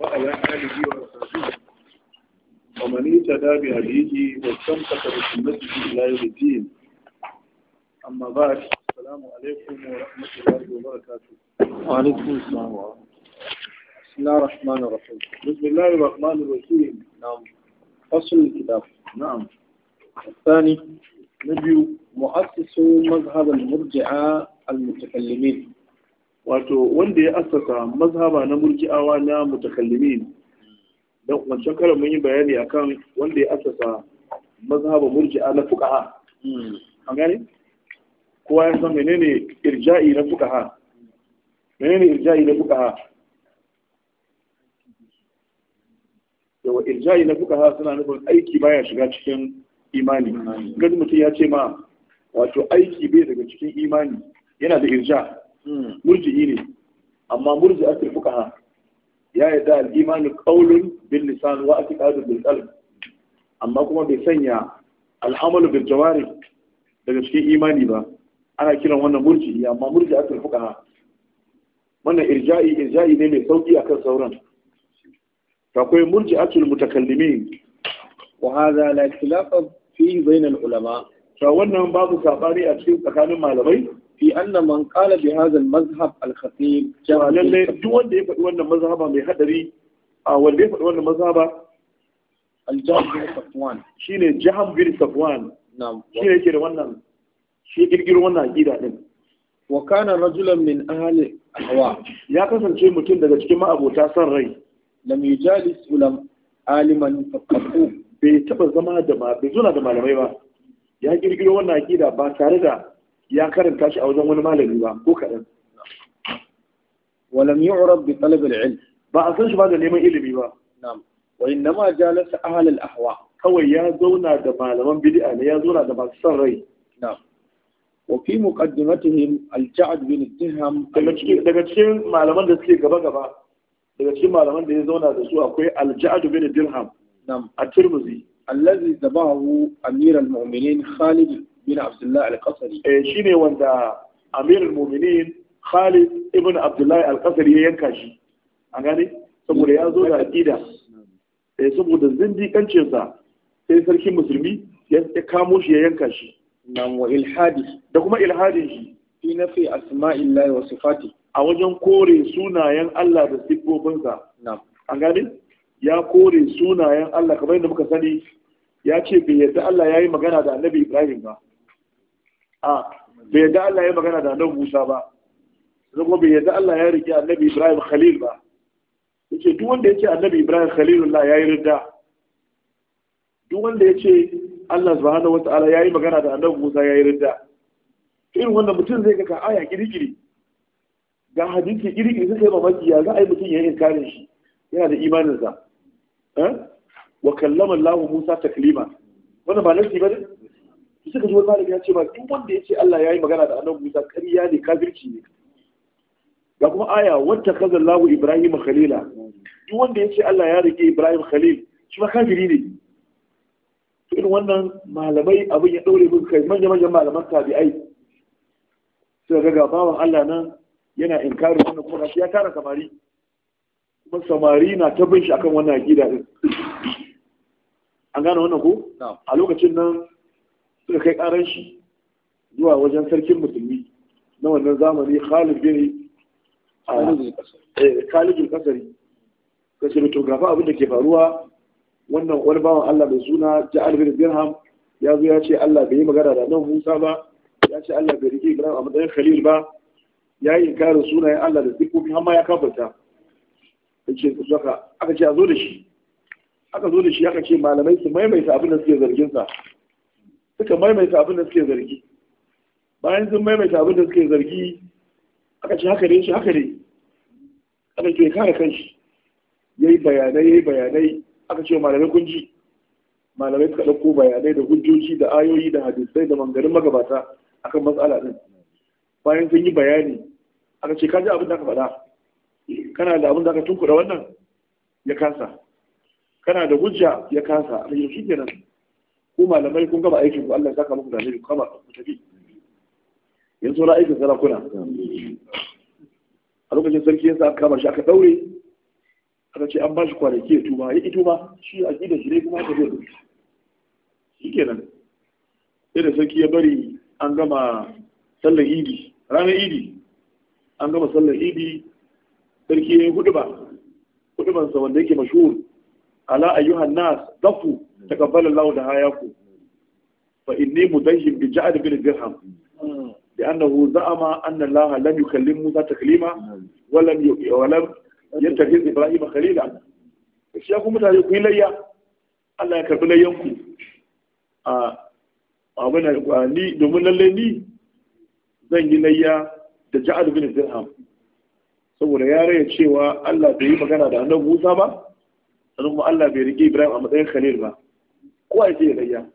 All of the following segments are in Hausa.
وعلى ومن اهتدى بهديه واستمسك بسنته إلى يوم الدين أما بعد السلام عليكم ورحمة الله وبركاته وعليكم السلام ورحمة الله بسم الله الرحمن الرحيم بسم الله الرحمن الرحيم نعم فصل الكتاب نعم الثاني نبي مؤسس مذهب المرجعة المتكلمين wato wanda ya asasa mazhaba na murji'awa na mutakallimi don wancan karan mun yi bayani akan wanda ya asasa mazhaba murji'a na fuqaha hmm. an gane kowa ya san menene irja'i na fuqaha menene irja'i na fuqaha yawa irja'i na fuqaha suna nufin aiki baya shiga cikin imani gani mutum ya ce ma wato aiki bai daga cikin imani yana da irja' murji'i ne amma murji a ha. ya yi da imanu qawlun bin lisan wa i'tiqadun bin qalb amma kuma bai sanya al'amalu bin jawari daga cikin imani ba ana kiran wannan murji. amma murji a ha? wannan irja'i irja'i ne mai sauki kan sauran akwai murji'atul mutakallimi wa hadha la ikhtilafa fi bainal ulama to wannan babu sabani a cikin tsakanin malamai fi annan man kala bi hadha al-mazhab al-khatir lalle duk wanda ya faɗi wannan mazhaba mai hadari a wanda ya faɗi wannan mazhaba al-jahm bin safwan shine jahm bin safwan na'am shine yake da wannan shi girgiro wannan aqida din wa kana rajulan min ahli ahwa ya kasance mutum daga cikin ma'abota san rai lam yujalis ulam aliman faqahu bai taba zama da ba bai zuna da malamai ba ya girgiro wannan aqida ba tare da ya karanta shi a wajen wani malami ba ko kaɗan walam yu'rab bi talab al-ilm ba a san shi ba da neman ilimi ba na'am wa ma jalasa ahl al-ahwa kawai ya zauna da malaman bid'a ne ya zauna da masu son rai na'am wa fi muqaddimatihim al-ja'd bin dirham daga cikin daga cikin malaman da suke gaba gaba daga cikin malaman da ya zauna da su akwai al-ja'd bin dirham na'am at-tirmidhi allazi zabahu amir al-mu'minin khalid bin Abdullah al-Qasri eh shine wanda Amirul Mu'minin Khalid ibn Abdullahi al qasari ya yanka shi an gane saboda ya zo da aqida eh saboda zindiƙancin sa sai sarkin musulmi ya kamo shi ya yanka shi nan wa ilhadi da kuma ilhadin shi fi nafi asma'illahi wa sifati a wajen kore sunayen Allah da siffofinsa na'am an gane ya kore sunayen Allah kamar yadda muka sani ya ce bai yadda Allah ya yi magana da annabi Ibrahim ba a bai yadda Allah ya magana da annabi Musa ba sai kuma bai yadda Allah ya rike annabi Ibrahim Khalil ba yace duk wanda yake annabi Ibrahim Khalilullah yayi ridda duk wanda yace Allah subhanahu wataala yayi magana da annabi Musa yayi ridda irin wanda mutum zai ga aya kirikiri, ga hadisi kirikiri sai kai mamaki ya za a yi mutum ya yi inkarin shi yana da imaninsa eh? wa kallama Allah Musa taklima wannan ba nasi ne? suka ji wani malami ya ce ba duk wanda ya ce Allah ya yi magana da annabi Musa ƙarya ne kafirci ne ga kuma aya wata kazan lahu Ibrahim Khalila duk wanda ya ce Allah ya rike Ibrahim Khalil shi ma kafiri ne to irin wannan malamai abin ya daure min kai manyan manyan malaman tabi'ai suka ga gabawan Allah nan yana kare wannan kuma ya tara samari kuma samari na ta bin shi akan wannan aqida din an gane wannan ko a lokacin nan suka kai karan shi zuwa wajen sarkin musulmi na wannan zamani Khalid bin ah, Khalid Kasari eh, ka ce to gafa abin da ke faruwa wannan wani bawan Allah mai suna Ja'al bin Dirham ya zo ya ce Allah bai yi magana da nan Musa ba ya ce Allah bai rike Ibrahim a matsayin Khalil ba ya yi inkarin sunayen Allah da sifofi har ma ya kafarta yace aka ce a zo da shi aka zo da shi aka ce malamai su maimaita abin da suke zargin sa suka maimaita abin da suke zargi bayan sun maimaita abin da suke zargi aka ce haka ne shi haka ne aka ce kare kanshi ya yi bayanai ya yi bayanai aka ce malamai kun ji malamai suka ɗauko bayanai da hujjoji da ayoyi da hadisai da mangarin magabata akan matsala ɗin bayan sun yi bayani aka ce ka ji abin da aka faɗa kana da abin da aka tunkuɗa wannan ya kasa kana da hujja ya kasa a yanzu shi kenan ko malamai kun gama aikin ku Allah ya saka muku da kuma kama ku tafi yanzu na aikin sarakuna a lokacin sarki yasa aka kama shi aka daure aka ce an ba shi kwanaki ya tuba ya tuba shi a gida shi ne kuma aka zo da shi kenan sai da sarki ya bari an gama sallar idi ranar idi an gama sallar idi sarki ya yi huduba hudubansa wanda yake mashuhur ala ayyuhan nas dafu تقبل الله da hayaku مدين inni بن الدرهم لأنه زعم أن الله لم يكلم موسى تكليما ولم ولم يتخذ إبراهيم خليلا الشيخ ya kuma لي ku yi layya Allah ya karbi layyanku a abin da ni domin lalle ni zan yi layya da saboda ya raya cewa Allah bai yi magana da annabi Musa ba sannan kuma Allah bai rike Ibrahim a matsayin khalil ba kowa ya layya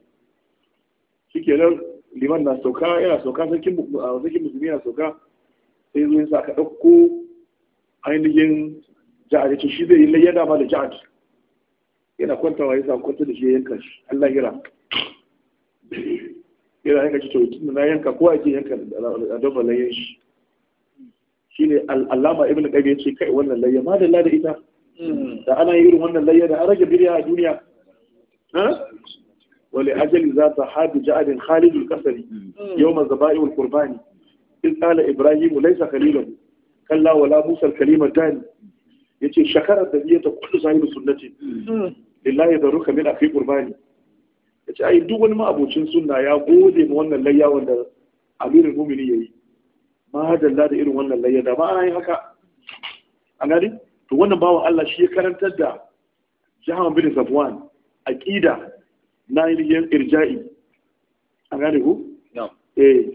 shi ke nan liman na sauka yana sauka sarkin musulmi yana sauka sai zo sa aka ɗauko ainihin ja'ad ce shi zai yi layya dama da ja'ad yana kwantawa sa kwanta da shi ya yanka shi Allah hira yana yanka shi to na yanka ko ya yanka da dabba layyan shi ne alama ibn qabi ya ce kai wannan layya ma da ita hmm. da ana yi irin wannan layya da an rage biriya a duniya ولأجل ذات حاد جعل خالد القسري يوم الزبائي والقرباني إذ قال إبراهيم ليس خليلا كلا ولا موسى الكليم الداني يتي شكر الدنيا كل صاحب سنة لله يدرك من أخي قرباني yace ai duk wani ma'abocin sunna ya gode ma wannan layya wanda amirin mumini yayi ma dalla da irin wannan layya da ba ana haka an gani to wannan bawan Allah shi ya karantar da Jahan bin Safwan aƙida na ainihin irja'i an gane ku na'am eh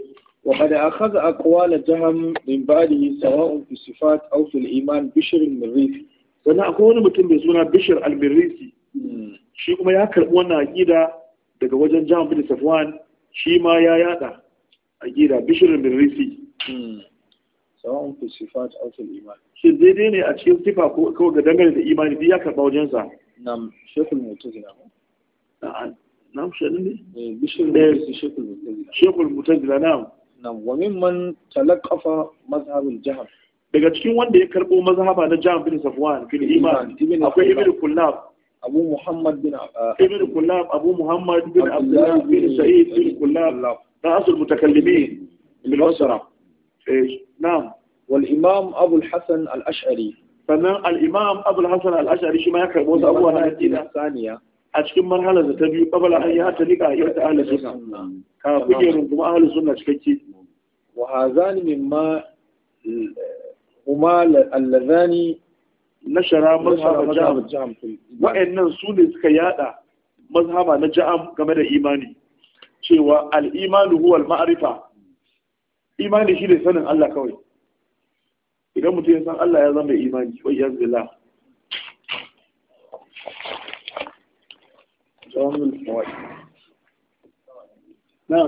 wa qad akhadha aqwal jaham min ba'dihi sawa'un fi sifat aw fil iman bishr al-mirisi sannan akwai wani mutum mai suna bishr al-mirisi hmm. shi kuma ya karbi wannan aqida daga wajen jaham bin safwan shi ma ya yada aqida bishr al-mirisi hmm. sawa'un fi sifat aw iman shi dai ne a cikin sifa ko ga dangane da imani duk ya karba sa? nam shekul mutazila nam shekul ne eh, shekul eh, mutazila nam nam wa mimman talaqafa mazhabul daga cikin wanda ya karbo mazhaba na jahm bin safwan fil iman akwai ibnu kullab abu muhammad bin uh, ibnu kullab abu muhammad bin abdullah bin sa'id bin kullab رأس المتكلمين بالأسرة نعم والإمام أبو al الأشعري sannan al-imam abul hasan al-ash'ari shi ma ya karbo wasu abuwa na aqida saniya a cikin marhala da ta biyu qabla an ya talika ya ta ahli sunna ka kuje runguma ahli sunna cikakke wa hazani mimma huma allazani nashara mazhab jam wa'annan su ne suka yada mazhaba na jam game da imani cewa al-imanu huwa al-ma'rifa imani shi ne sanin Allah kawai idan mutum ya san Allah ya zama imani wai ya zila na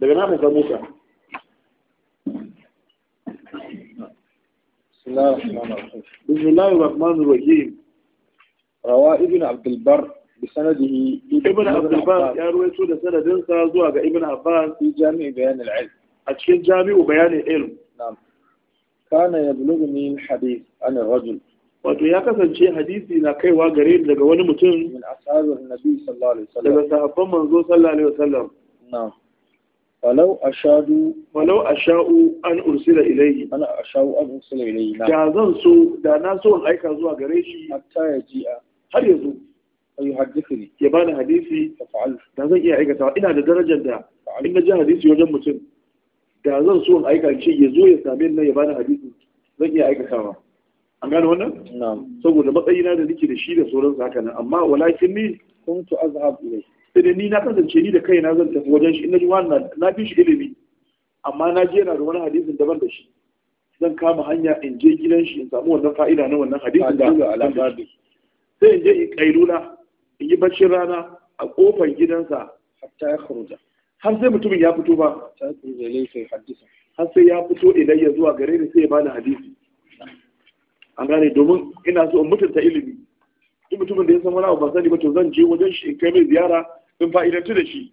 daga na fasa muka بسم الله الرحمن الرحيم رواه ابن عبد البر بسنده ابن عباس يا رويتو ده سندين ga ibn abbas في جامع بيان العلم a cikin jami'u bayanin ilm na'am kana yablughuni alhadith an ar-rajul wato ya kasance hadisi na kaiwa gare ni daga wani mutum min ashabin nabi sallallahu alaihi wasallam manzo sallallahu alaihi wasallam walau ashadu an ursila da zan so da na so in aika zuwa gare shi hatta ji'a har yanzu ayu hadithni ya bani hadisi fa fa'al da zan iya aikata ina da darajar da in na ji hadisi wajen mutum da zan so in aika shi ya zo ya same ni ya bani hadisi zan iya aikatawa an gane wannan na'am saboda matsayina da nake da shi da sauran su haka nan amma walakin ni kuntu azhab ilai sai ni na kasance ni da kaina zan tafi wajen shi in na ji wannan na fi shi ilimi amma na ji yana da wani hadisin daban da shi zan kama hanya in je gidan shi in samu wannan fa'ida na wannan hadisin da sai in je in kailula in yi bacci rana a kofar gidansa hatta ya kharuja har sai mutumin ya fito ba har sai ya fito idan ya zuwa gare ni sai ya bani hadisi an gane domin ina so in mutunta ilimi duk mutumin da ya san wani abu ba sani ba to zan je wajen shi in kai mai ziyara in fa'idantu da shi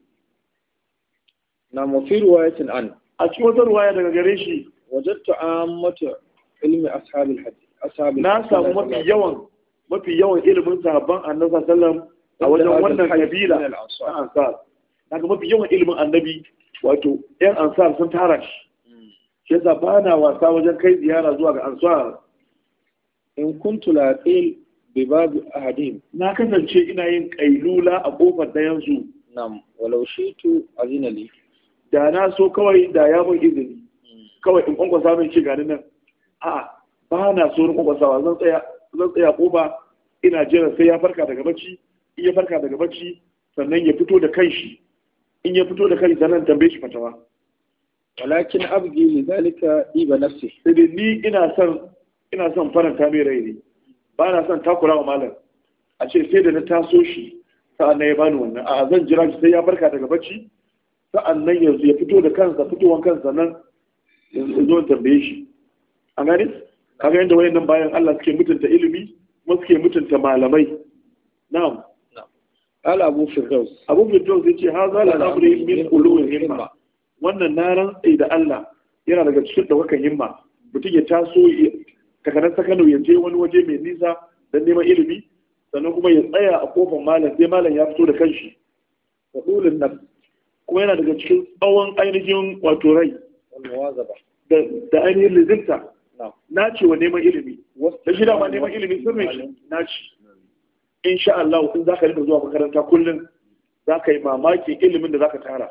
na mafi ruwayatin an a cikin wata ruwaya daga gare shi wajattu ammatu ilmi ashabil hadith ashabil na samu mafi yawan mafi yawan ilimin sahabban annabi sallallahu alaihi wasallam a wajen wannan kabila na ansar daga mafi yawan ilimin annabi wato yan ansar sun tara shi hmm. shi yasa ba na wasa wajen kai ziyara zuwa ga ansar in kuntu laqil bi bab Hadin? na kasance ina yin kailula a kofar dayan su nam walau shitu azinali da na so kawai da ya mun izini hmm. kawai in kwankwasa min ci gani nan a ba na so in kwankwasawa zan tsaya zan tsaya kofa ina jira sai ya farka daga bacci in ya farka daga bacci sannan ya fito da kanshi in ya fito da kai sannan tambaye shi fatawa walakin abgi ne zalika iba nafsi sai dai ni ina son ina son faranta mai rai ne ba na son takura wa malam a ce sai da na taso shi sa'an ya bani wannan a zan jira shi sai ya farka daga bacci sa'an nan yanzu ya fito da kansa fitowan kansa nan zo tambaye shi an gani kaga yanda wayannan bayan Allah suke mutunta ilimi kuma suke mutunta malamai na'am قال أبو فردوس أبو فردوس يجي هذا الأمر من قلوب الهمة wannan na rantsi da Allah yana daga cikin ɗaukakan himma mutum ya taso takanar ta Kano ya je wani waje mai nisa don neman ilimi sannan kuma ya tsaya a kofar malam sai malam ya fito da kanshi da ɗulin nan kuma yana daga cikin tsawon ainihin wato rai da ainihin lizinta na cewa neman ilimi da shi dama neman ilimi sirrin shi na ce sha Allah in zaka rika zuwa makaranta kullum za ka yi mamaki ilimin da zaka tara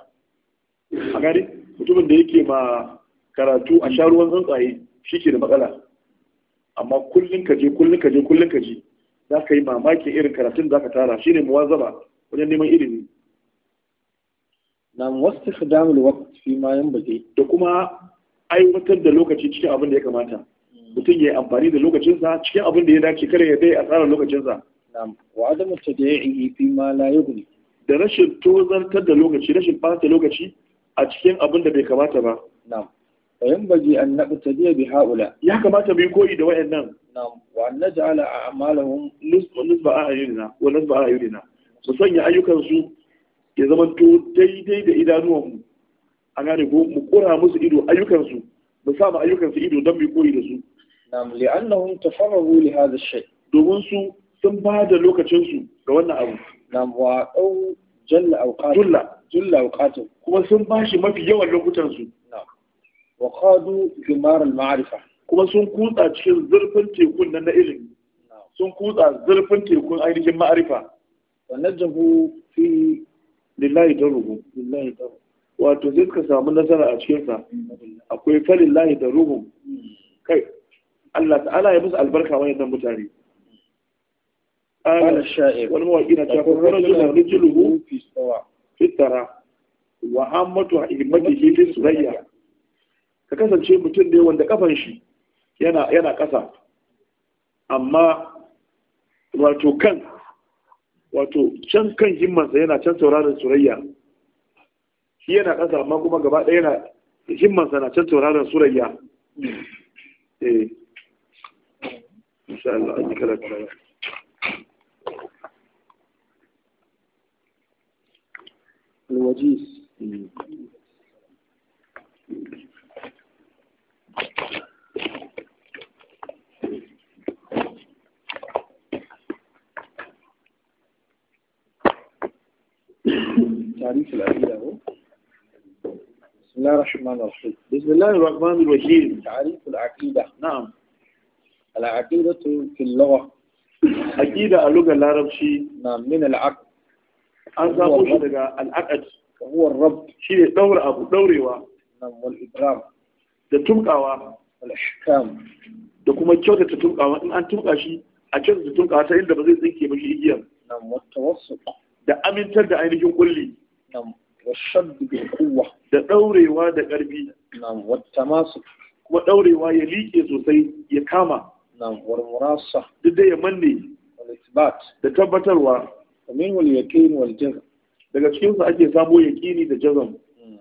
a gani mutumin da yake ma karatu a sha ruwan tsuntsaye shi ke da matsala amma kullum ka je kullum ka je kullum ka je za ka yi mamakin irin karatun za ka tara shi ne muwazaba wajen neman ilimi na wasu su damar wakti fi ma yan baje da kuma aiwatar da lokaci cikin abin da ya kamata mutum ya yi amfani da lokacinsa cikin abin da ya dace kare ya dai a tsarin lokacinsa Na'am, wa adamu tadai'i fi ma la Da rashin tozartar da lokaci, rashin ɓata lokaci a cikin abin da bai kamata ba. Na'am. yan baji an nabtadiya bi haula. Ya kamata bi koyi da wayannan. Na'am, wa an naj'ala a'malahum nisba a'yunina wa nisba a'yunina. Mu sanya ayyukan su ya zama to daidai da idanuwanmu. A gare ko mu kura musu ido ayyukan su. Mu sa mu ayyukan su ido don mu koyi da su. Na'am, li'annahum tafarru li hadha shay. Domin su sun ba da lokacinsu ga wannan abu Na waɗau jalla awqat Jalla. Jalla awqat kuma sun ba shi mafi yawan lokutan su wa qadu ma'arifa. kuma sun kutsa cikin zurfin tekun nan na ilimi sun kutsa zurfin tekun ainihin ma'arifa Wannan najahu fi lillahi daruhu lillahi wato zai suka samu nasara a cikinsa akwai falin lahi da ruhu hmm. kai Allah ta'ala ya musu albarka wani dan mutane قال الشاعر والمواقي نتاكو رجل رجله في السواء في الترى ka kasance mutum ne wanda kafan shi yana ƙasa amma wato kan wato can kan himmansa yana can sauraron surayya shi yana ƙasa amma kuma gaba ɗaya yana himmansa na can sauraron surayya eh insha Allah an yi karatu وجيز تعريف العقيدة هو بسم الله الرحمن الرحيم بسم الله الرحمن الرحيم تعريف العقيدة نعم العقيدة في اللغة عقيدة اللغة العربية نعم من العقل أنا أقول shi daga huwa rabb shi ne daura abu daurewa nan wal ibram da tumkawa wal da kuma kyautata tumkawa in an tumka shi a kyautata tumkawa ta inda ba zai tsinke ba shi igiyar nan wat da amintar da ainihin kulli nan washadd bil quwwa da daurewa da karfi nan wat tamasuk kuma daurewa ya liƙe sosai ya kama nan wal duk ya manne wal da tabbatarwa ومنه daga cikinsu ake samu yaƙini da jazam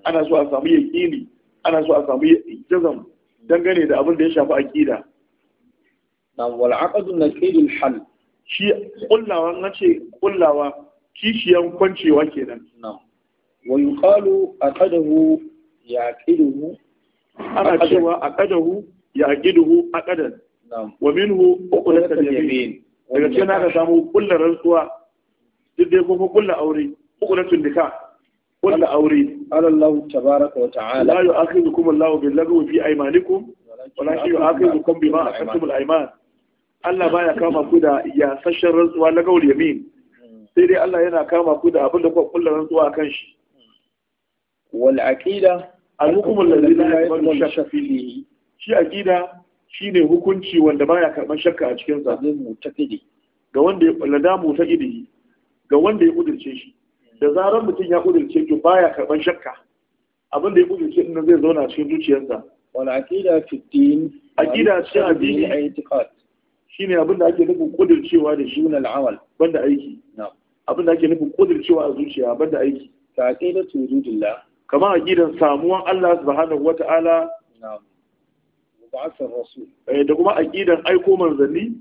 ana so a samu yaƙini ana so a samu jazam dangane da abin da ya shafi aƙida na wal aqd naqid hal shi kullawa ce kullawa kishiyan kwancewa kenan na wa yuqalu aqadahu yaqiduhu ana cewa aqadahu yaqiduhu aqadan nam wa minhu uqdat yamin daga cikin aka samu kullar rantsuwa duk dai kuma kullar aure uqdatun nikah wanda aure alallahu tabaraka wa ta'ala la yu'akhidhukum Allahu bil lagwi fi aymanikum wala yu'akhidhukum bima aqadtum al ayman Allah baya kama ku da ya sashen rantsuwa na gaul yamin hmm. sai dai Allah yana kama ku da abin da kuka kullu rantsuwa kan shi hmm. wal aqida alhukum alladhi la yaqbalu fihi shi aqida shine hukunci wanda baya karban shakka a cikin sa ga wanda ya ladamu ta idi ga wanda ya kudirce shi da zarar mutum ya kudurce to baya karban shakka abin da ya kudurce din zai zauna cikin zuciyarsa wani aqida fi din aqida ce addini a itiqad shine abin da ake nufin kudurcewa da shi na al'amal banda aiki abin da ake nufin kudurcewa a zuciya banda aiki ka aqida tu wujudillah kamar aqidan samuwan Allah subhanahu wata'ala na'am ba'athar rasul eh, da kuma aqidan aiko manzanni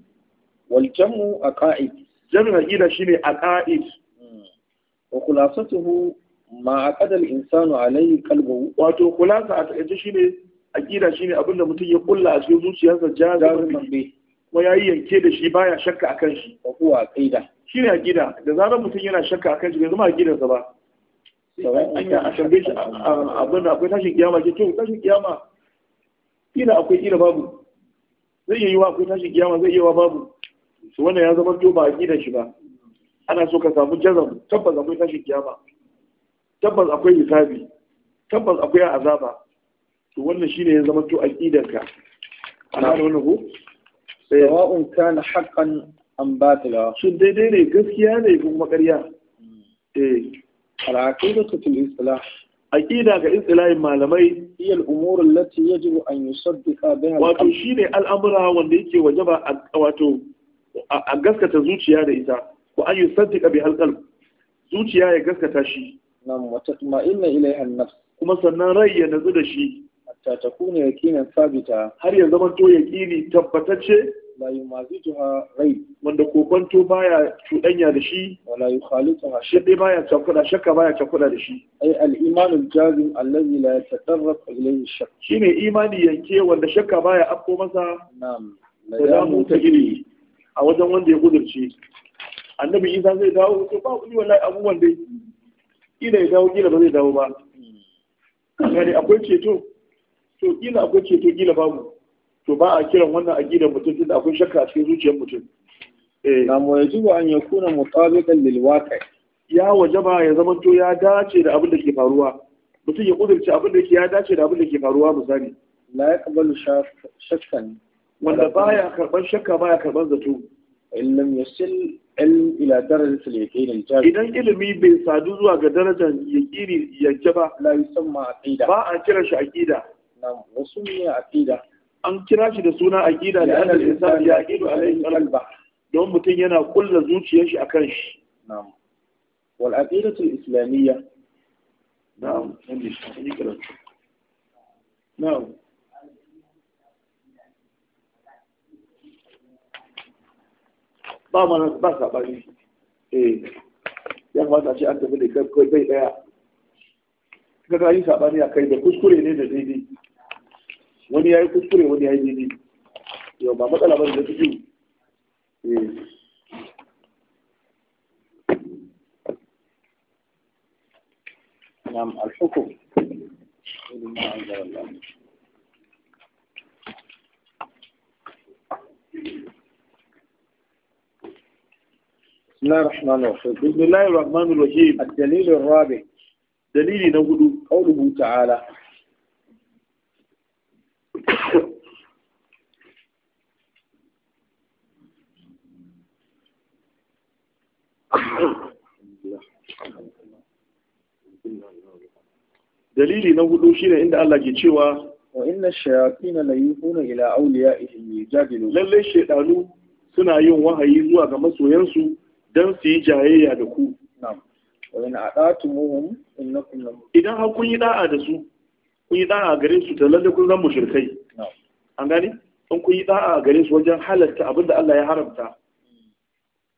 wal jam'u aqaid jami'in aqida shine aqaid wa khulasatuhu ma aqada al-insanu wato khulasa a takaice shine aqida shine abinda mutum ya kulla a cikin kuma yanke da shi baya shakka akan shi wa huwa da zarar mutum yana shakka ba an ya tambaye shi abin akwai tashin kiyama ke kyau tashin kiyama akwai babu zai iya yi wa akwai tashin kiyama zai iya wa babu su ya zama to ba shi ba ana so ka samu jazam tabbas akwai tashin kiyama tabbas akwai hisabi tabbas akwai azaba to wannan shine ya zama to ka ana da wannan ko eh. sawa'un kana haqqan am batila shin daidai ne gaskiya ne ko kuma ƙarya hmm. eh al-aqidatu fil islah aqida ga islahin malamai iyal al-umur allati yajibu an yusaddiqa biha wato shine al'amura wanda yake wajaba wato a gaskata zuciya da ita wa an yusaddiqa bi halqal zuciya ya gaskata shi nam wa tatma'inna ilayha an-nafs kuma sannan rai ya nazu da shi A hatta takuna yaqinan sabita har ya zama to yaqini tabbatacce la ha rai wanda kokonto baya cudanya da shi wala yukhalituha shi dai baya cakuda shakka baya cakuda da shi ai al-iman al-jazim allazi la yatatarraf ilayhi shakk shine imani yanke wanda shakka baya afko masa na'am la yamu tajri a wajen wanda ya kudurce annabi isa zai dawo to ba ku wallahi abubuwan dai kila ya dawo kila ba zai dawo ba gani akwai ceto to kila akwai ceto kila babu to ba a kiran wannan aqidar mutum da akwai shakka a cikin zuciyar mutum eh mu yaji ba an yakuna mutabiqan lil waqi ya wajaba ya zama to ya dace da abin da ke faruwa mutum ya kudurci abin da ke ya dace da abin da ke faruwa misali la yaqbalu shakkan wanda baya karban shakka baya karban zato in lam yasil ilm ila darajat al-yaqin al-jami idan ilimi bai sadu zuwa ga darajar yaqini yanke ba la yusamma aqida ba a kira shi aqida nam wasu ne aqida an kira shi da suna aqida da annal insan ya aqidu alayhi qalba don mutum yana kulla zuciyar shi akan shi nam wal aqidatu al-islamiyya nam nam ba mana ba saɓani eh, ya kamata ce an tafi da kai kai bai daya ka ga yi saɓani a kai da kuskure ne da daidai wani ya yi kuskure wani ya yi daidai yau ba matsala ba da tafi eh نعم الحكم بما الله الرحمن الرحيم بسم الله الرحمن الرحيم الدليل الرابع dalili na hudu ne inda Allah ke cewa wa inna shayatin la yuhuna ila lalle suna yin wahayi zuwa ga masoyansu don su yi jayayya da ku idan ha kun yi da'a da su kun yi da'a gare su da lalle kun zan mushrikai an gani? in kun yi da'a gare su wajen halatta abin da Allah ya haramta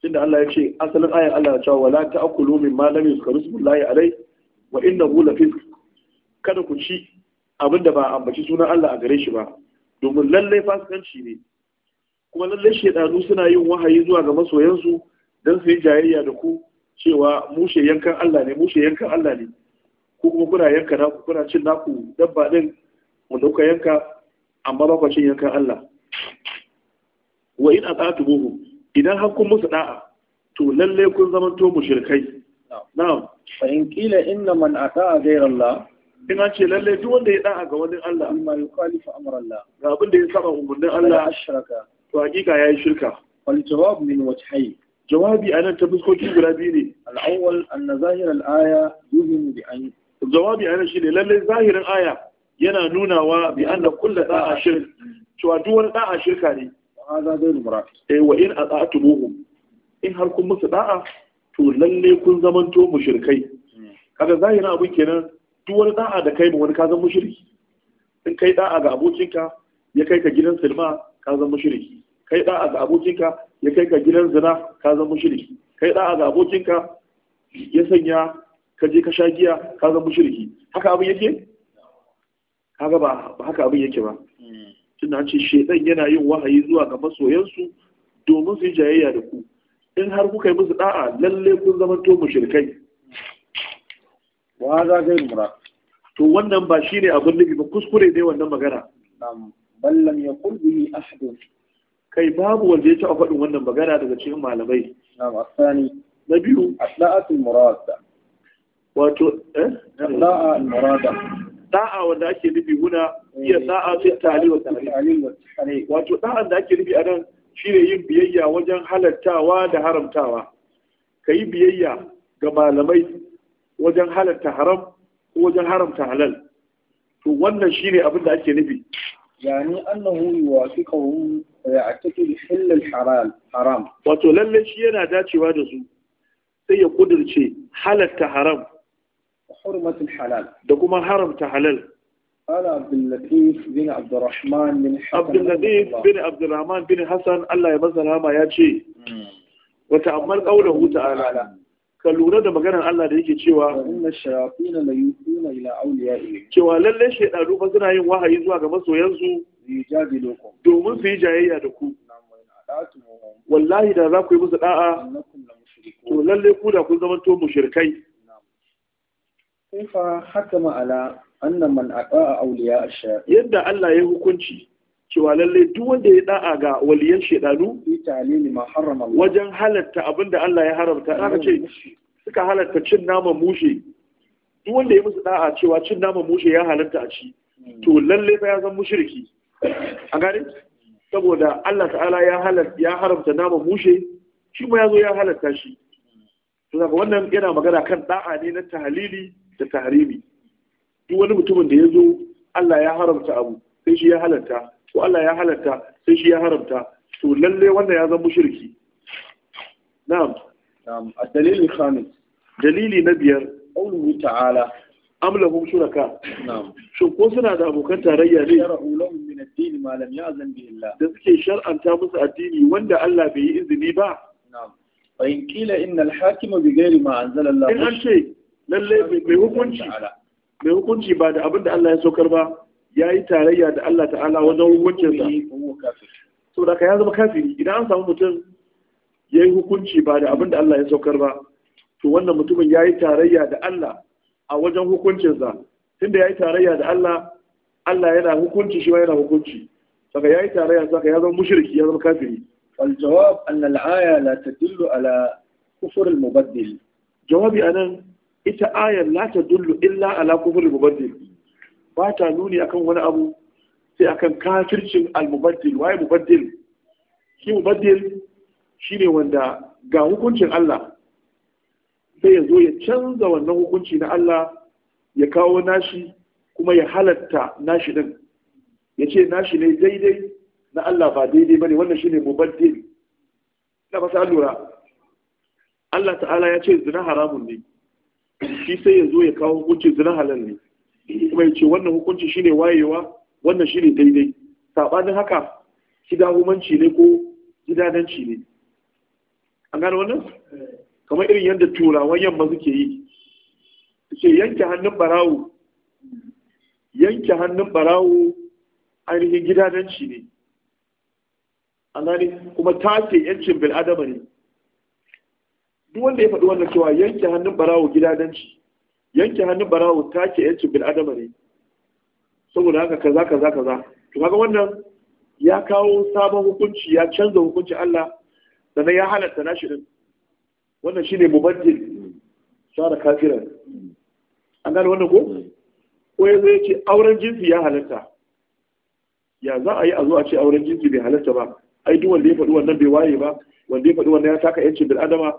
tunda Allah ya ce asalin ayar Allah ya ce wala ta'kulu mimma lam yuzkaru bismillahi alai wa innahu lafisq kada ku ci abin da ba ambaci sunan Allah a gare shi ba domin lallai fasikanci ne kuma lalle shedanu suna yin wahayi zuwa ga masoyansu don su yi jayayya da ku cewa mushe yankan Allah ne mushe yankan Allah ne ko kuma kuna yanka naku kuna cin naku dabba din wanda kuka yanka amma ba ku cin yankan Allah wa in ata'tumuhu idan har kun musu da'a to lalle kun zama to mushrikai na'am fa in qila inna man ata'a ghayra Allah in an ce lalle duk wanda ya da'a ga wani Allah amma yukhalifu amr Allah ga abin da ya saba umurnin Allah ashraka to hakika yayi shirka wal jawab min wajhayn jawabi anan ta fuskoki guda biyu ne al-awwal anna zahir al-aya yuhin bi an jawabi anan shine lalle zahirin aya yana nunawa bi anna kullu da'a shirk cewa duk wani da'a shirka ne hada zai murad eh wa in ata'tumuhum in har kun musu to kun zamanto kaga zahirin abin kenan duk wani da'a da kai wani kazan mushriki in kai da'a ga abokinka ya kai ka gidan silma kazan mushriki kai da ga abokinka ya kai ka gidan zina ka zama shirki kai da ga abokinka ya sanya ka je ka sha giya ka zama shirki haka abin yake kaga ba haka abin yake ba tunda ce shedan yana yin wahayi zuwa ga masoyansu domin su yi jayayya da ku in har kuka yi musu da'a lalle kun zama to mushrikai wa za ka yi mura to wannan ba shine abin nufi ba kuskure ne wannan magana na'am ballam yaqul bihi ahadun kai babu wanda ya taɓa a faɗin wannan magana daga cikin malamai na biyu asla'atul murada wato eh asla'a murada da'a wanda ake nufi muna iya da'a fi tali wa wato da'an da ake nufi a nan shine yin biyayya wajen halattawa da haramtawa kai biyayya ga malamai wajen halatta haram ko wajen haramta halal to wannan shine abin da ake nufi yani annahu yuwafiqu ya'taqidu hillal haram haram wato lalle shi yana dacewa da su sai ya kudirce halatta haram hurmatul halal da kuma haramta halal قال عبد اللطيف بن عبد الرحمن بن حسن عبد اللطيف bin عبد Allah ya حسن الله ya ce. يجي وتأمل قوله تعالى ka lura da maganar Allah da yake cewa inna shayatin la yusuna ila awliya'i cewa lalle shaydanu fa suna yin wahayi zuwa ga masoyansu domin su yi jayayya da ku wallahi da za ku yi musu da'a to lalle ku da kun zamanto mushrikai kaifa hakama ala anna man ata'a awliya ash-shaytan yadda Allah ya hukunci cewa lalle duk wanda ya da'a ga waliyan shedanu wajen halatta abinda Allah ya haramta aka ce suka halatta cin naman mushe duk wanda ya musu da'a cewa cin naman mushe ya halatta a ci to lalle fa ya zama mushriki a gane saboda Allah ta'ala ya haramta nama mushe shi ma ya zo ya halatta shi to daga wannan yana magana kan da'a ne na tahalili da taharimi duk wani mutumin da ya zo Allah ya haramta abu sai shi ya halatta ko Allah ya halatta sai shi ya haramta to lalle wannan ya zama mushriki na'am na'am ad-dalil khamis dalili na biyar qawluhu ta'ala amlahum shuraka na'am shin ko suna da abokan tarayya ne min addini ma lam ya'zan bi Allah da suke shar'anta musu addini wanda Allah bai yi izini ba fa in qila inna al-hakim bi ghairi ma anzala Allah in an ce lalle bai hukunci bai hukunci ba da abin da Allah ya saukar ba yayi tarayya da Allah ta'ala wajen hukuncin sa to da ya zama kafiri idan an samu mutum yayi hukunci ba da abin da Allah ya saukar ba to wannan mutumin yayi tarayya da Allah a wajen hukuncinsa tunda yayi tarayya da Allah Allah yana hukunci shi yana hukunci saka yayi tarayya saka ya zama mushriki ya zama kafiri al jawab an al aya la tadullu ala kufr al mubaddil jawabi anan ita ayar la tadullu illa ala kufr al mubaddil ba ta nuni akan wani abu sai akan kafircin al mubaddil waye mubaddil shi mubaddil shine wanda ga hukuncin Allah sai ya zo ya canza wannan hukunci na Allah ya kawo nashi kuma ya halatta nashi din ya ce nashi ne daidai na Allah ba daidai bane wannan shine mubaddil na ba sa lura Allah ta'ala ya ce zina haramun ne shi sai ya zo ya kawo hukunci zina halal ne kuma ya ce wannan hukunci shine wayewa wannan shine daidai sabanin haka gida humanci ne ko gidananci ne an gano wannan kamar irin yadda turawan yamma suke yi ce yanke hannun barawo yanke hannun barawo ainihin gidadanci ne an gane kuma take yancin bil'adama ne duk wanda ya faɗi wannan cewa yanke hannun barawo gidadanci yanke hannun barawo take yancin bil'adama ne saboda haka kaza kaza kaza to kaga wannan ya kawo sabon hukunci ya canza hukunci Allah sannan ya halatta nashi din wannan shine mubaddil shara kafiran an gane wannan ko ko ya zai ce auren jinsi ya halatta ya za a yi a zo a ce auren jinsi bai halatta ba ai duk wanda ya faɗi wannan bai waye ba wanda ya faɗi wannan ya taka yancin bil adama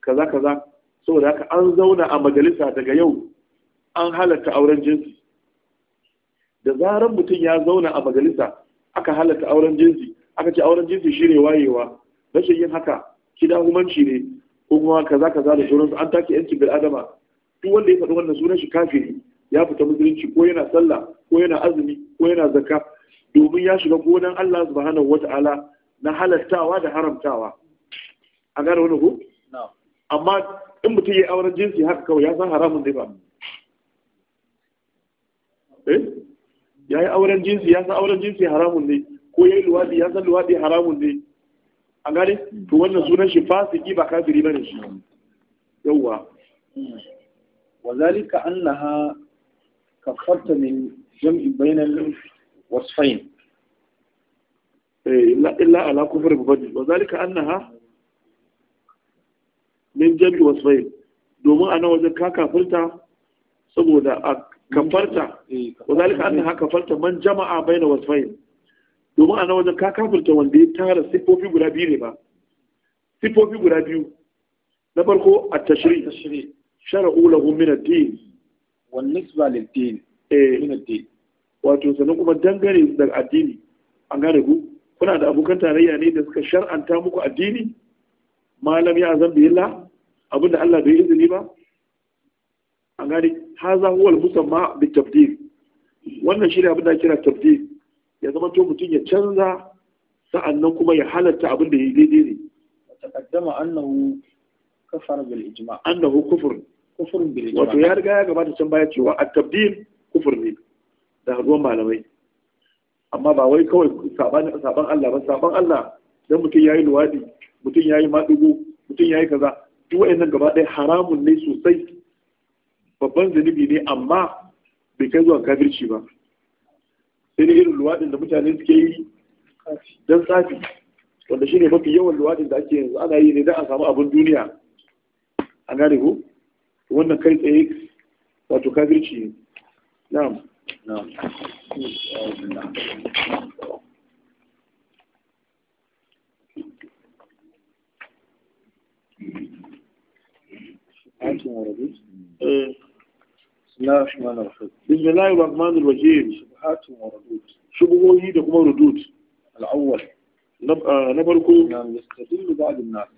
kaza kaza saboda haka an zauna a majalisa daga yau an halatta auren jinsi da zarar mutum ya zauna a majalisa aka halatta auren jinsi aka ce auren jinsi shine wayewa rashin yin haka kida humanci ne ko kuma kaza kaza da sauransu an take yancin bil adama duk wanda ya faɗi wannan sunan shi kafiri ya fita musulunci ko yana sallah ko yana azumi ko yana zakka domin ya shiga gonan Allah subhanahu wata'ala na halartawa da haramtawa a gane wani ko amma in mutum ya auren jinsi haka kawai ya san haramun zai ba eh ya yi auren jinsi ya san auren jinsi haramun ne ko ya yi luwaɗi ya san luwaɗi haramun ne a gane to wannan sunan shi fasiki ba kafiri bane shi yawwa wa zalika annaha كفرت من جمع بين الوصفين إلا, إلا على كفر ببدل وذلك أنها من جمع وصفين domin a nan wajen ka kafirta saboda a kafarta wazalika an ha kafarta man jama'a bai na wasfayin domin a nan wajen ka kafirta wanda ya tara siffofi guda biyu ne ba siffofi guda biyu na farko a tashiri shara'u lahu min wal nisba lil din eh. min ad wato sannan kuma dangane da addini an gane ku kuna da abokan tarayya ne da suka shar'anta muku addini malam ya azan billah abinda Allah bai izini ba an gane haza huwa al musamma bi tabdil wannan shi ne abin da kira tabdil ya zama to mutum ya canza sa'annan kuma ya halatta abin da ya daidai ne taqaddama annahu kafara bil ijma' annahu kufr kufurin wato ya riga ya gabata can baya cewa a tabdil kufur ne da ruwan malamai amma ba wai kawai saban saban Allah ba saban Allah dan mutum yayi luwadi mutum yayi madugo mutum yayi kaza duk wayannan gaba ɗaya haramun ne sosai babban zunubi ne amma bai kai zuwa kafirci ba sai dai irin luwadin da mutane suke yi don tsafi wanda shine mafi yawan luwadin da ake yanzu ana yi ne don a samu abin duniya an gane ku wannan kai tsaye wato kafirci ne na'am na'am بسم الله الرحمن الرحيم بسم الله الرحمن الرحيم شبهات وردود شبهه ده كما ردود الأول نبركو نعم يستدل بعض الناس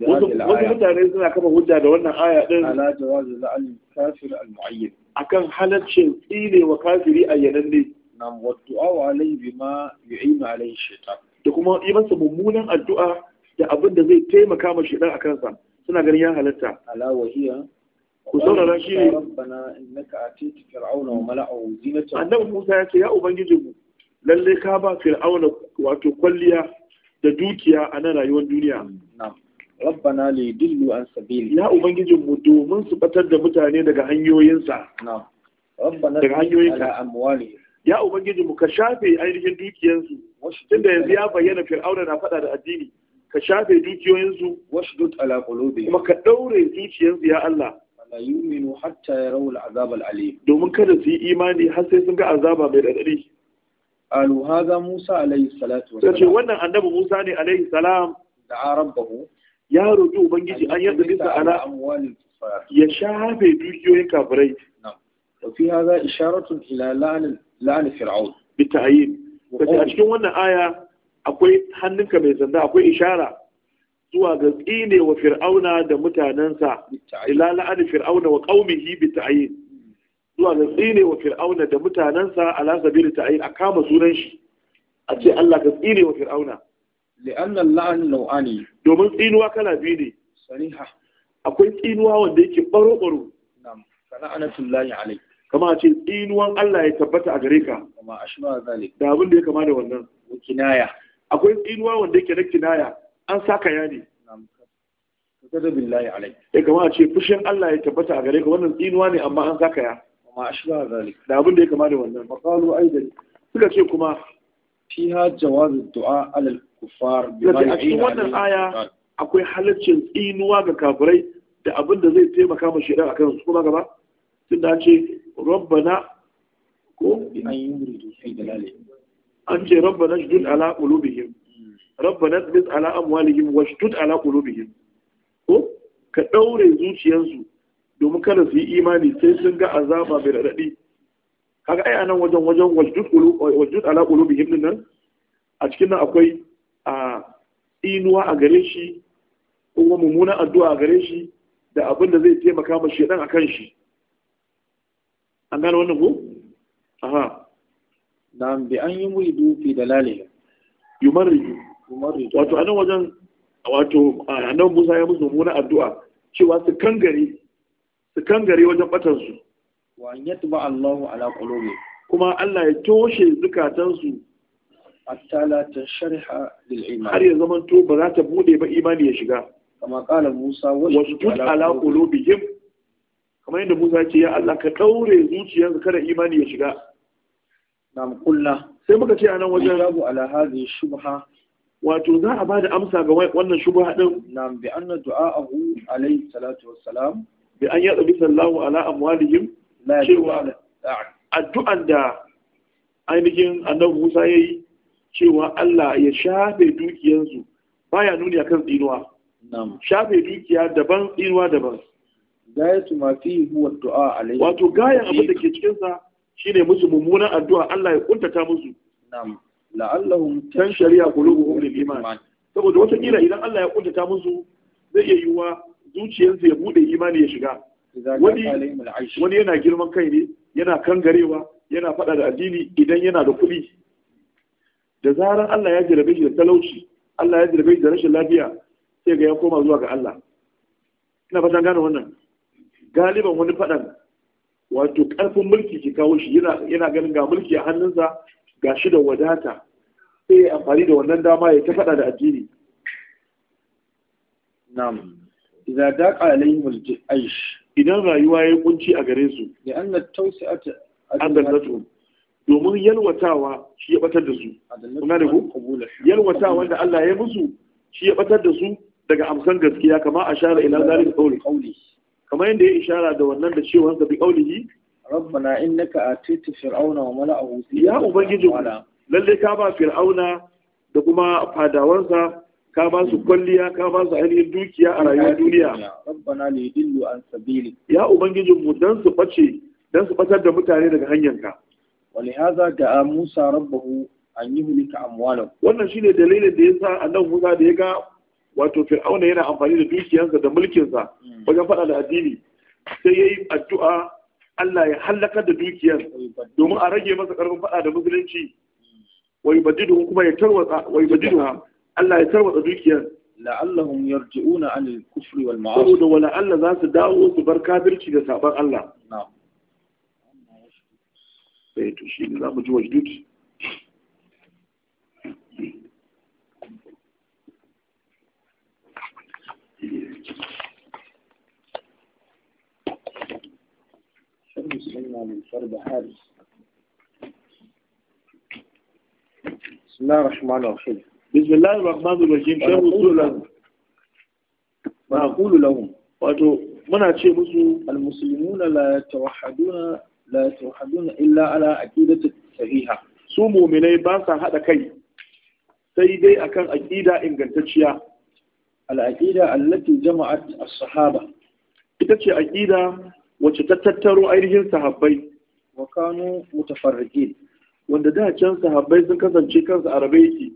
wasu mutane suna kafa hujja da wannan aya din ala jawazi la'al kafir al mu'ayyan akan halaccin wa kafiri ayyanan ne nam wa du'a bima yu'inu shaitan da kuma yi masa mummunan addu'a da abin da zai taimaka ma shaitan a kansa suna ganin ya halatta ala wahiya ku saurara shi ne rabbana innaka atiti fir'auna wa mala'ahu zinatan annabi Musa ya ce ya ubangiji mu lalle ka ba fir'auna wato kwalliya da dukiya a nan rayuwar duniya na'am rabbana li dillu an sabili ya ubangijin mu domin su batar da mutane daga hanyoyinsa na rabbana daga hanyoyinka amwali ya ubangijin mu ka shafe ainihin dukiyansu tunda yanzu ya bayyana fir'auna na faɗa da addini ka shafe dukiyoyinsu washdud ala qulubi kuma ka daure zuciyansu ya Allah la yu'minu hatta yarawu al'azab al'alim domin kada su yi imani har sai sun ga azaba mai dadadi alu haza musa alayhi salatu wa salam wannan annabi musa ne alayhi salam da rabbahu ya roƙi ubangiji an yadda bisa ala ya shafe dukiyoyin kafirai fi hadha isharatun ila la'an la'an fir'aun bi ta'yin kace a cikin wannan aya akwai hannunka mai sanda akwai ishara zuwa ga tsine wa fir'auna da mutanensa ila la'an fir'auna wa qaumihi bi ta'yin zuwa ga tsine wa fir'auna da mutanensa ala sabil ta'yin a kama sunan shi a ce Allah ka tsine wa fir'auna li'annan la'an nau'ani domin tsinuwa kala biyu ne saniha akwai tsinuwa wanda yake baro baro na'am sana'anatul lahi alai kama a ce tsinuwan Allah ya tabbata a gare ka kama ashma zalik da abin da ya kama da wannan kinaya akwai tsinuwa wanda yake na kinaya an saka ya ne kada billahi alai ya kama a ce fushin Allah ya tabbata a gare ka wannan tsinuwa ne amma an saka ya kama ashma zalik da abin ya kama da wannan maqalu aidan suka ce kuma fiha jawazu du'a alal kuffar a cikin wannan aya akwai halaccin inuwa ga kafirai da abin da zai taimaka ma shaidan akan su kuma gaba tun da ce rabbana ko an ce rabbana shdud ala qulubihim hmm. rabbana tsbis ala amwalihim wa shdud ala qulubihim ko ka daure zuciyarsu domin kada su yi imani sai sun ga azaba mai raɗaɗi kaga ai anan wajen wajen wasjud ala qulubihim nan a cikin nan akwai a inuwa a gare shi kuma mummunan addu'a a gare shi da abin da zai taimaka ma shi shedan a kan shi an gane wannan ko aha nan bi an yi muridu fi dalali yumarriju wato anan wajen wato annabi Musa ya musu mummunan addu'a cewa su kangare su kangare wajen batar su wa an yatba Allahu ala qulubi kuma Allah ya toshe zukatansu hatta la tashriha lil iman har ya zaman to ba za ta bude ba imani ya shiga kama kala Musa wasu tut ala qulubihim kamar yadda Musa ce ya Allah ka daure zuciyarsu kada imani ya shiga nam kullah sai muka ce anan wajen rabu ala hadhihi shubha wato za a bada amsa ga wannan shubha din nam bi anna du'a'ahu alayhi salatu wassalam bi an yadda sallahu ala amwalihim cewa addu'an da ainihin annabi Musa yayi cewa Allah ya shafe dukiyansu ba ya nuni a kan tsinuwa shafe dukiya daban tsinuwa daban gayatu ma fi huwa du'a alayhi wato gayan abin da ke cikinsa, shi ne musu mummunan addu'a Allah ya kuntata musu na'am la'allahum tan shari'a qulubuhum lil iman saboda wata kila idan Allah ya kuntata musu zai iya yiwa zuciyarsa ya bude imani ya shiga wani yana girman kai ne yana kangarewa yana fada da addini idan yana da kuɗi da zarar Allah ya jirabe shi da talauci Allah ya jirabe shi da rashin lafiya sai ga ya koma zuwa ga Allah ina fatan gane wannan galiban wani faɗan wato ƙarfin mulki ke kawo shi yana ganin ga mulki a hannunsa ga shi da wadata sai ya amfani da wannan dama ya ta fada da addini nam idan da ƙalai mulki aish idan rayuwa ya kunci a gare su da Allah na tausi a an da domin yalwatawa shi ya batar da su kuna da ku yalwatawa da Allah ya musu shi ya batar da su daga amsan gaskiya kama a shara ila zalim kauli. kamar yadda ya ishara da wannan da cewa ga bi qawlihi rabbana innaka atita fir'auna wa mala'ahu ya ubangiji lalle ka ba fir'auna da kuma fadawansa ka ba su kwalliya ka ba su ainihin dukiya a rayuwar duniya rabbana li yudillu an sabili ya ubangiji mu dan su bace dan su batar da mutane daga hanyarka ولهذا دعا موسى ربه an yi hulika amwalan wannan shine dalilin da yasa annabi Musa da ya ga wato Fir'auna yana amfani da dukiyarsa da mulkinsa hmm. wajen faɗa da addini sai yayi addu'a Allah ya hallaka da dukiyar domin a rage masa karfin faɗa da musulunci hmm. wa yubaddidu kuma ya tarwatsa wa yubaddiduha hmm. Allah ya tarwatsa dukiyar la'allahum yarji'una kufri wal ma'asi saboda wala Allah za su dawo su bar kafirci da saban Allah na'am sai eh, to shi ne za mu ji wajdud بسم الله الرحمن الرحيم بسم الله الرحمن الرحيم ما أقول لهم wato muna ce musu almuslimuna la tawahaduna la tawhaduna illa ala aqidati sahiha su mu'minai ba sa hada kai sai dai akan aqida ingantacciya al aqida allati jama'at as-sahaba ita ce aqida wacce ta tattaro ainihin sahabbai wa kanu mutafarriqin wanda da can sahabbai sun kasance kansu arabe yake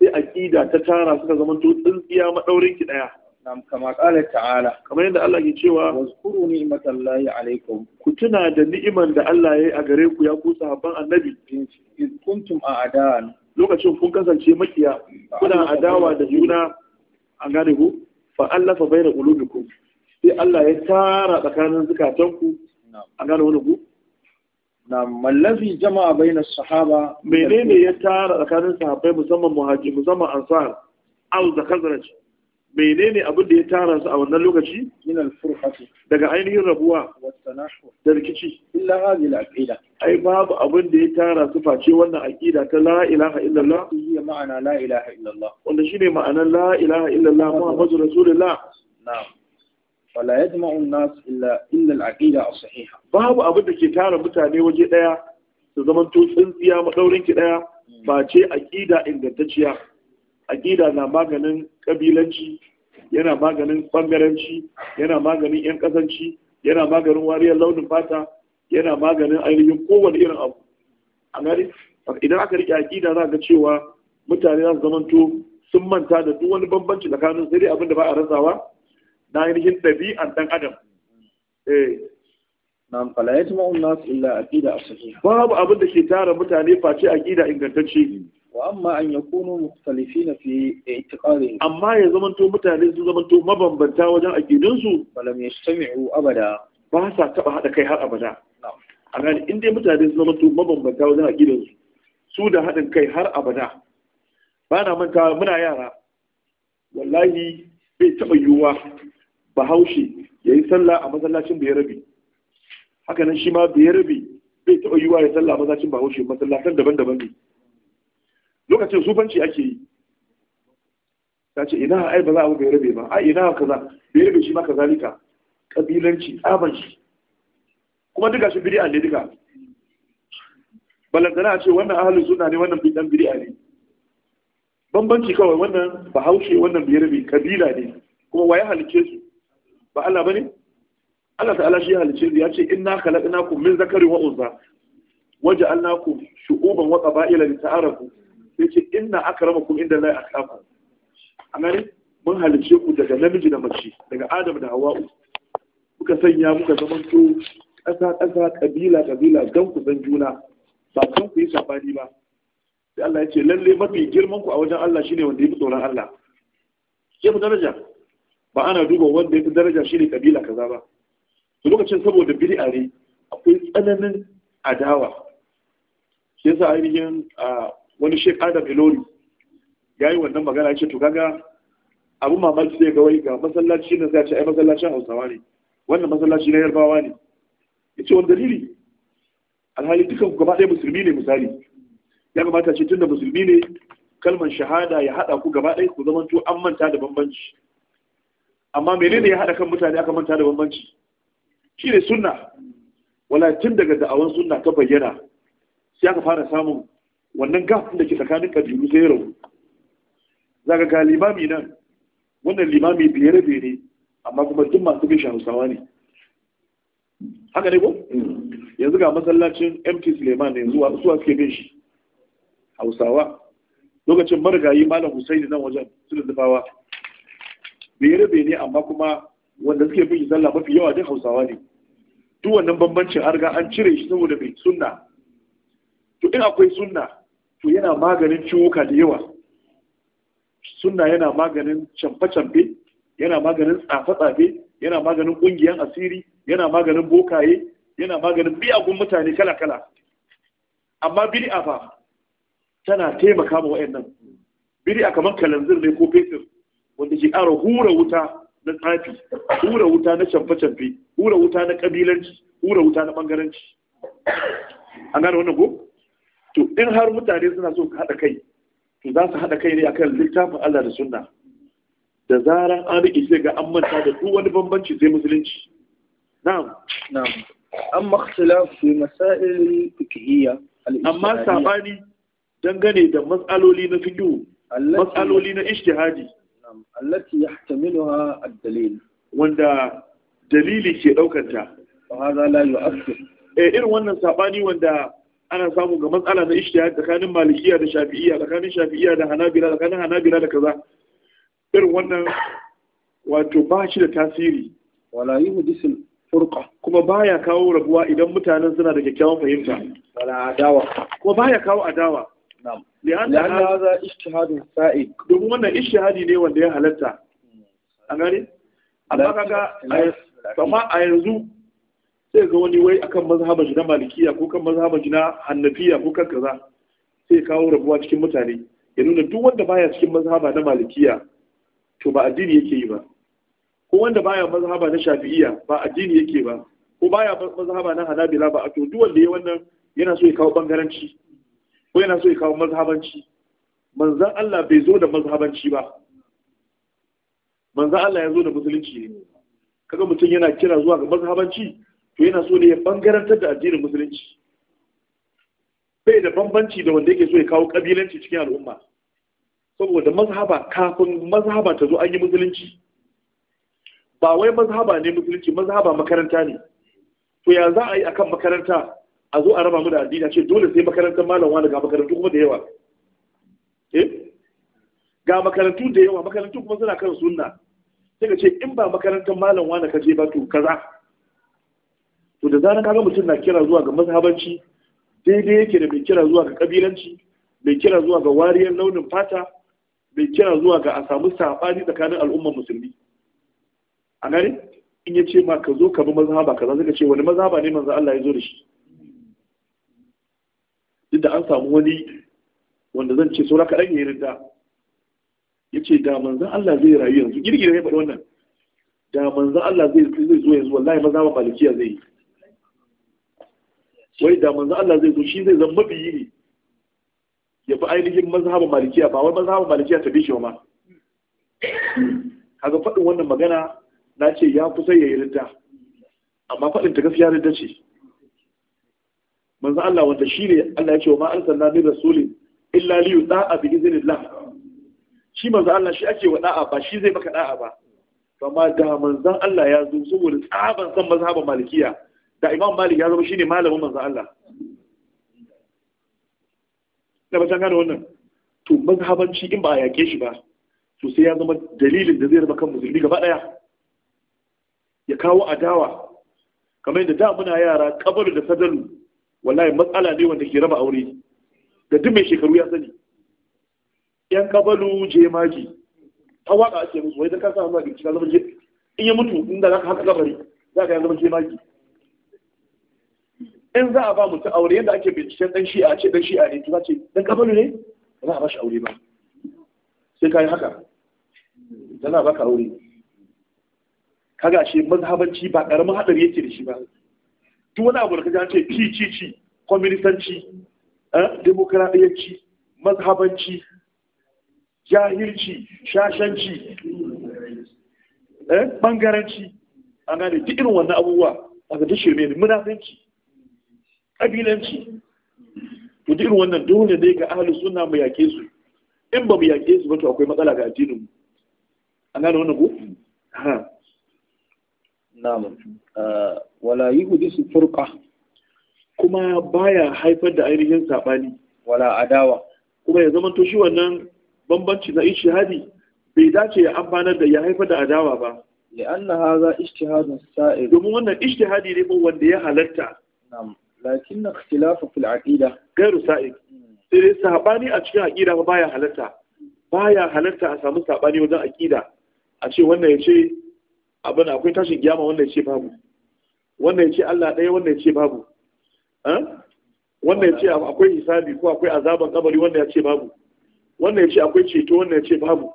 sai aqida ta tara suka zama tsintsiya madaurin ki daya Nam kama kala ta'ala. Kamar yadda Allah ke cewa. Wazkuru ni'matan lahi alaikum. Ku tuna da ni'iman da Allah ya yi a gare ku ya ku sahabban annabi. Iz kuntum a adan. Lokacin kun kasance makiya. Kuna adawa da juna. a gane ku. Fa Allah fa bayna qulubikum. Sai Allah ya tara tsakanin zukatanku. a gane wani ku. Na mallafi jama'a bainar sahaba. Menene ya tara tsakanin sahabbai musamman muhajir musamman ansar. Al da khazraj. menene abin da ya tara su a wannan lokaci min al-furqati daga ainihin rabuwa da rikici illa hadhihi al-aqida ai babu abin da ya tara su face wannan aqida ta la ilaha illallah hiya ma'ana la ilaha illallah wanda shine ma'anar la ilaha illallah muhammadur rasulullah na'am fala yajma'u an-nas illa illa al-aqida as-sahiha babu abin da ke tara mutane waje daya su zaman to tsintsiya madaurin ki daya hmm. face aqida ingantacciya aƙida na maganin ƙabilanci yana maganin ɓangaranci yana maganin 'yan ƙasanci yana maganin wariyar launin fata yana maganin ainihin kowane irin abu a gari idan aka riƙe aƙida za ga cewa mutane za su zamanto sun manta da duk wani bambanci tsakanin sai dai abin da ba a rasawa na ainihin ɗabi'an ɗan adam eh. nan fala yatma'u an illa aqida as-sahiha. Babu abin da ke tara mutane face aqida ingantacce. wa amma an yakunu mukhtalifin fi i'tiqadihim amma ya zamanto mutane su zamanto mabambanta wajen aqidun su balam yastami'u abada ba sa taba hada kai har abada a gani in dai mutane su zamanto mabambanta wajen aqidun su su da hadin kai har abada ba na manta muna yara wallahi bai taba yiwuwa bahaushe yayi sallah a masallacin bai rabi haka nan shi ma bai rabi bai taba yiwuwa ya sallah a masallacin bahaushe masallatan daban-daban ne lokacin sufanci ake yi ta ce ina ai ba za a bai rabe ba ai ina kaza bai rabe shi maka zalika kabilanci tsaban shi kuma duka shi bid'a ne duka balantana a ce wannan ahalin suna ne wannan bidan bid'a ne bambanci kawai wannan bahaushe wannan bai rabe kabila ne kuma waye halice su ba Allah ne? Allah ta'ala shi halice su ya ce inna khalaqnakum min zakari wa unsa waja'alnakum shu'uban wa qaba'ila lita'arafu sai ce inna kuma inda lai atqakum A gani mun halice ku daga namiji da mace daga adam da hawa'u muka sanya muka zaman to ƙasa ƙasa ƙabila ƙabila don ku san juna ba kan ku yi sabani ba sai Allah ya ce lalle mafi girman ku a wajen Allah shine wanda yafi tsoron Allah ya fi daraja ba ana duba wanda yafi daraja shine kabila kaza ba to lokacin saboda bid'a ne akwai tsananin adawa shi yasa ainihin ah, wani shek Adam Ilori ya yi wannan magana ya ce to gaga abu mamaki sai ga wai ga masallaci na zai ce ai masallacin Hausawa ne wannan masallaci na Yarbawa ne ya ce wani dalili alhali dukan gaba ɗaya musulmi ne misali ya kamata ce tunda musulmi ne kalmar shahada ya haɗa ku gaba ɗaya ku zamanto an manta da bambanci amma menene ya haɗa kan mutane aka manta da bambanci shi ne sunna wala tun daga da'awan sunna ta bayyana sai aka fara samun wannan gafin da ke tsakanin kabilu zai rauni zaga ga limami nan wannan limami biyar biyar amma kuma duk masu bin hausawa ne haka ne ko mm. yanzu ga masallacin mt suleiman ne zuwa suwa suke bin shi hausawa lokacin marigayi malam husaini nan wajen suna zubawa biyar biyar ne amma kuma wanda suke bin sallah mafi yawa duk hausawa ne duk wannan bambancin an riga an cire shi saboda mai sunna to in akwai sunna to yana maganin ciwuka da yawa sunna yana maganin camfe-camfe yana maganin tsafe-tsafe yana maganin ƙungiyan asiri yana maganin bokaye yana maganin miyagun mutane kala-kala amma a fa tana taimaka ma biri a kamar kalanzir ne ko fesir wanda ke ƙara hura wuta na tsafi hura wuta na camfe-camfe hura wuta na ƙabilanci hura wuta na ɓangaranci an gane wannan ko to in har mutane suna so su haɗa kai to za su haɗa kai ne akan littafin Allah da sunna da zaran an riƙe sai ga an manta da duk wani bambanci sai musulunci na'am na'am amma ikhtilaf fi masail fiqhiyya amma sabani dangane da matsaloli na fiqh matsaloli na ijtihadi allati yahtamiluha ad-dalil wanda dalili ke daukar ta fa hada la yu'athir eh irin wannan sabani wanda ana samu ga matsala na ishtihad tsakanin malikiya da shafi'iya tsakanin shafi'iya da hanabila tsakanin hanabila da kaza irin wannan wato ba shi da tasiri wala yuhdisul furqa kuma baya kawo rabuwa idan mutanen suna da kyakkyawan fahimta wala adawa kuma baya kawo adawa na'am li'anna hadha ijtihadun sa'id domin wannan ijtihadi ne wanda ya halatta amma kaga amma a yanzu sai ga wani wai akan mazhaban shi na malikiya ko kan mazhaban shi na hannafiya ko kan kaza sai kawo rabuwa cikin mutane ya nuna duk wanda baya cikin mazhaba na malikiya to ba addini yake yi ba ko wanda baya mazhaba na shafi'iya ba addini yake ba ko baya mazhaba na hanabila ba to duk wanda ya wannan yana so ya kawo bangaranci ko yana so ya kawo mazhabanci manzan Allah bai zo da mazhabanci ba manzan Allah ya zo da musulunci ne kaga mutum yana kira zuwa ga mazhabanci to yana so ne ya bangarantar da addinin musulunci bai da bambanci da wanda yake so ya kawo kabilanci cikin al'umma saboda mazhaba kafin mazhaba ta zo an yi musulunci ba wai mazhaba ne musulunci mazhaba makaranta ne to ya za a yi akan makaranta a zo a raba mu da addini a ce dole sai makarantar malam wani ga makarantu kuma da yawa eh? ga makarantu da yawa makarantu kuma suna kan sunna sai ka ce in ba makarantar malam wani ka je ba to kaza da zarar kaga mutum na kira zuwa ga mazhabanci daidai yake da mai kira zuwa ga kabilanci mai kira zuwa ga wariyar launin fata mai kira zuwa ga a samu sabani tsakanin al'ummar musulmi a gani in ya ce ma ka zo ka bi mazhaba kaza zaka ce wani mazhaba ne manzo Allah ya zo da shi duk da an samu wani wanda zan ce saura kaɗan ya rinda ya ce da manzo Allah zai rayu yanzu girgira ya faɗi wannan da manzo Allah zai zo yanzu wallahi mazhaba malikiya zai yi wai da manzo Allah zai zo shi zai zama mabiyi ne ya fi ainihin mazhabin malikiya ba wai mazhabin malikiya ta bishe ma kaga faɗin wannan magana na ce ya fi sai ya yi ridda amma faɗin ta gaskiya ridda ce manzo Allah wanda shi ne Allah ya ce wa ma sanna ni rasulin illa li yuta'a bi iznillah shi manzo Allah shi ake wa da'a ba shi zai maka da'a ba amma da manzon Allah ya zo saboda tsaban san mazhabin malikiya da imam malik ya zama shine malamin manzon Allah da ba gane wannan to mazhabanci in ba a yake shi ba to sai ya zama dalilin da zai raba kan musulmi gaba daya ya kawo adawa kamar yadda da muna yara kabaru da sadalu wallahi matsala ne wanda ke raba aure da duk mai shekaru ya sani yan kabalu jemagi ta waka ake musu wai da ka sa hannu a gicci ka zama in ya mutu inda za ka haka kabari za ka yi zama jemagi in za a ba mutum aure yadda ake binciken dan shi'a ce dan shi'a ne to ce dan kabalu ne ba za a ba shi aure ba sai kai haka ba ka aure kaga shi mazhabanci ba karamin hadari yake da shi ba duk wani abu da kaji an ce ci ci ci kwaminisanci eh, demokradiyyanci mazhabanci jahilci shashanci bangaranci eh, an gane duk irin wannan abubuwa a ga duk shirme ne munafinci ƙabilanci to irin wannan dole dai ga ahalin suna mu yake su in ba mu yake su ba to akwai matsala ga addinin mu an gane wannan ko ha na'am uh, wala yuhdisu furqa kuma baya haifar da ainihin sabani wala adawa kuma ya zama to shi wannan bambanci na ishihadi bai dace ya amfanar da ya haifar da adawa ba لأن هذا اجتهاد sa'ir Domin wannan ijtihadi ne wanda ya halatta na'am lakin na ikhtilafu fil aqida gairu sa'id sai dai sabani a cikin aqida ba ya halarta. Ba ya halarta a samu sabani wajen aqida a ce wannan ya ce abin akwai tashin kiyama wannan ya ce babu wannan ya ce Allah ɗaya wannan ya ce babu wannan ya ce akwai hisabi ko akwai azaban kabari wannan ya ce babu wannan ya ce akwai ceto wannan ya ce babu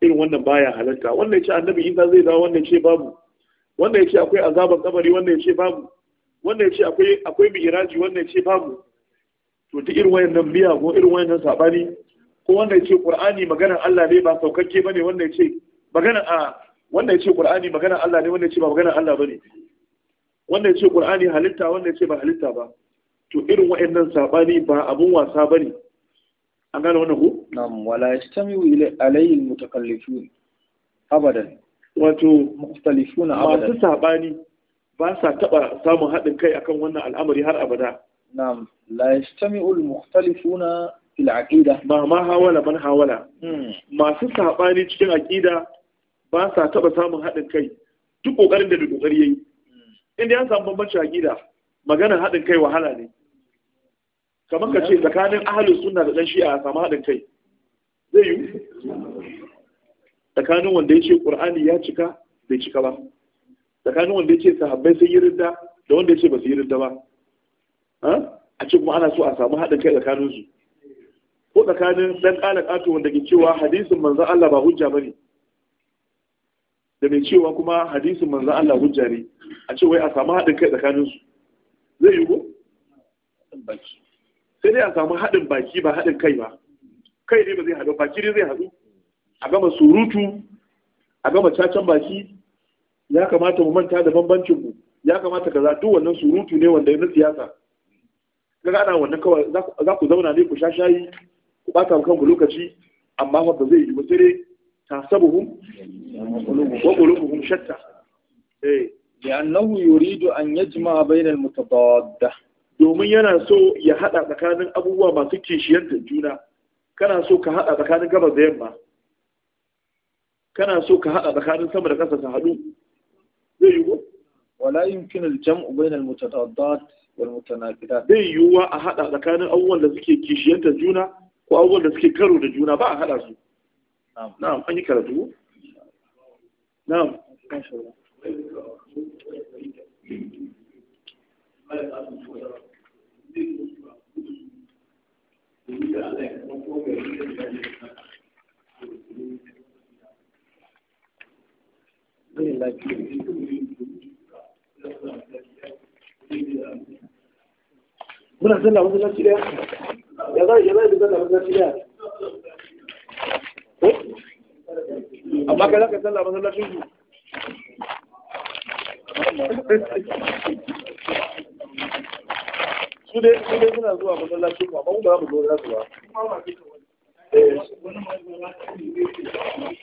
irin wannan ba ya halarta. wannan ya ce annabi isa zai dawo wannan ya ce babu wannan ya ce akwai azaban kabari wannan ya ce babu wannan ce akwai akwai iraji wannan ce babu to duk irin wayannan biya ko irin wayannan sabani ko wannan ce qur'ani maganar Allah ne ba saukakke bane wannan ce maganar a wannan ce qur'ani maganar Allah ne wannan ce ba maganar Allah bane wannan ce qur'ani halitta wannan ce ba halitta ba to irin wayannan sabani ba abun wasa bane an gane wannan ko na'am wala yastamiu ila alayhi mutakallifun abadan wato mukhtalifuna abadan masu sabani ba sa taɓa samun haɗin kai akan wannan al'amari har abada na'am la yastami'u al-mukhtalifuna fil aqida ma ma hawala man hawala hmm. masu saɓani cikin aqida ba sa taɓa samun haɗin kai duk ƙoƙarin da duk ƙoƙari yayi hmm. inda ya samu bambancin aqida magana haɗin kai wahala ne kamar ka ce tsakanin ahalin suna da ɗan shi'a a samu haɗin kai zai yi tsakanin wanda ya ce ƙur'ani ya cika bai cika ba tsakanin wanda ya ce sahabbai sun yi ridda da wanda ya ce ba su yi ridda ba a ce kuma ana so a samu haɗin kai tsakanin su ko tsakanin ɗan ƙala ƙato wanda ke cewa hadisin manzan Allah ba hujja ba ne da mai cewa kuma hadisin manzan Allah hujja ne a ce wai a samu haɗin kai tsakanin su zai yi ko sai dai a samu haɗin baki ba haɗin kai ba kai ne ba zai haɗu baki ne zai haɗu a gama surutu a gama cacan baki ya kamata mu manta da bambancin mu ya kamata kaza duk wannan surutu ne wanda na siyasa kaga ana wannan kawai za ku zauna ne ku sha shayi ku bata kanku lokaci amma fa ba zai yi ba sai dai tasabuhum wa qulubuhum shatta eh annahu yuridu an yajma bayna almutadadda domin yana so ya hada tsakanin abubuwa masu kishiyar da juna kana so ka hada tsakanin gabas da yamma kana so ka hada tsakanin sama da kasa ta haɗu yiwu wala yumkin al-jam'u bayna almutadaddat walmutanaqidat wal mutanaqidat zai yiwuwa a hada tsakanin abubuwan da suke kishiyanta juna ko abubuwan da suke karo da juna ba a hada su na'am an yi karatu na'am Thank you. muna sallah da sallah masallaci daya amma kai za ka su su suna zuwa masallacin ku amma mu ba za mu zo za su ba eh.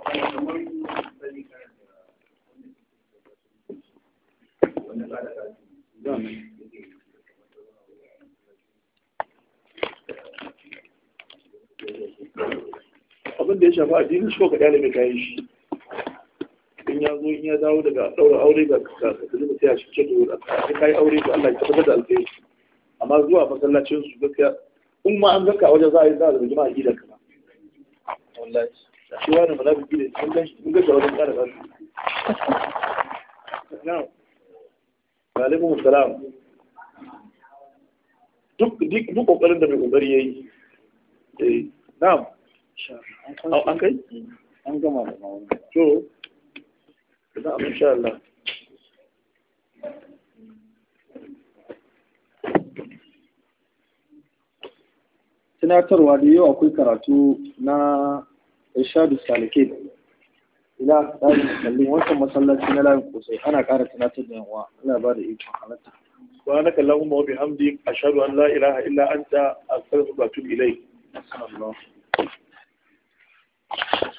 shi ka dalibi ka yi shi in ya zo in ya dawo daga daura aure ga ka sai a shi ce dole sai kai aure ga Allah ka da amma zuwa masallacin su gaskiya in ma an zaka za a yi za a zama jama'a gidan ka wallahi shi wani sun gan shi sun duk kokarin da mai kokari yayi eh na'am an kai gama da mawani to na insha Allah tunatarwa da yau akwai karatu na ishadu salike ila tsarin musallin wancan masallaci na layin kosai ana kara tunatar da yawa ana ba da ikon halatta سبحانك اللهم وبحمدك أشهد أن لا إله إلا أنت أستغفرك وأتوب إليك. الله.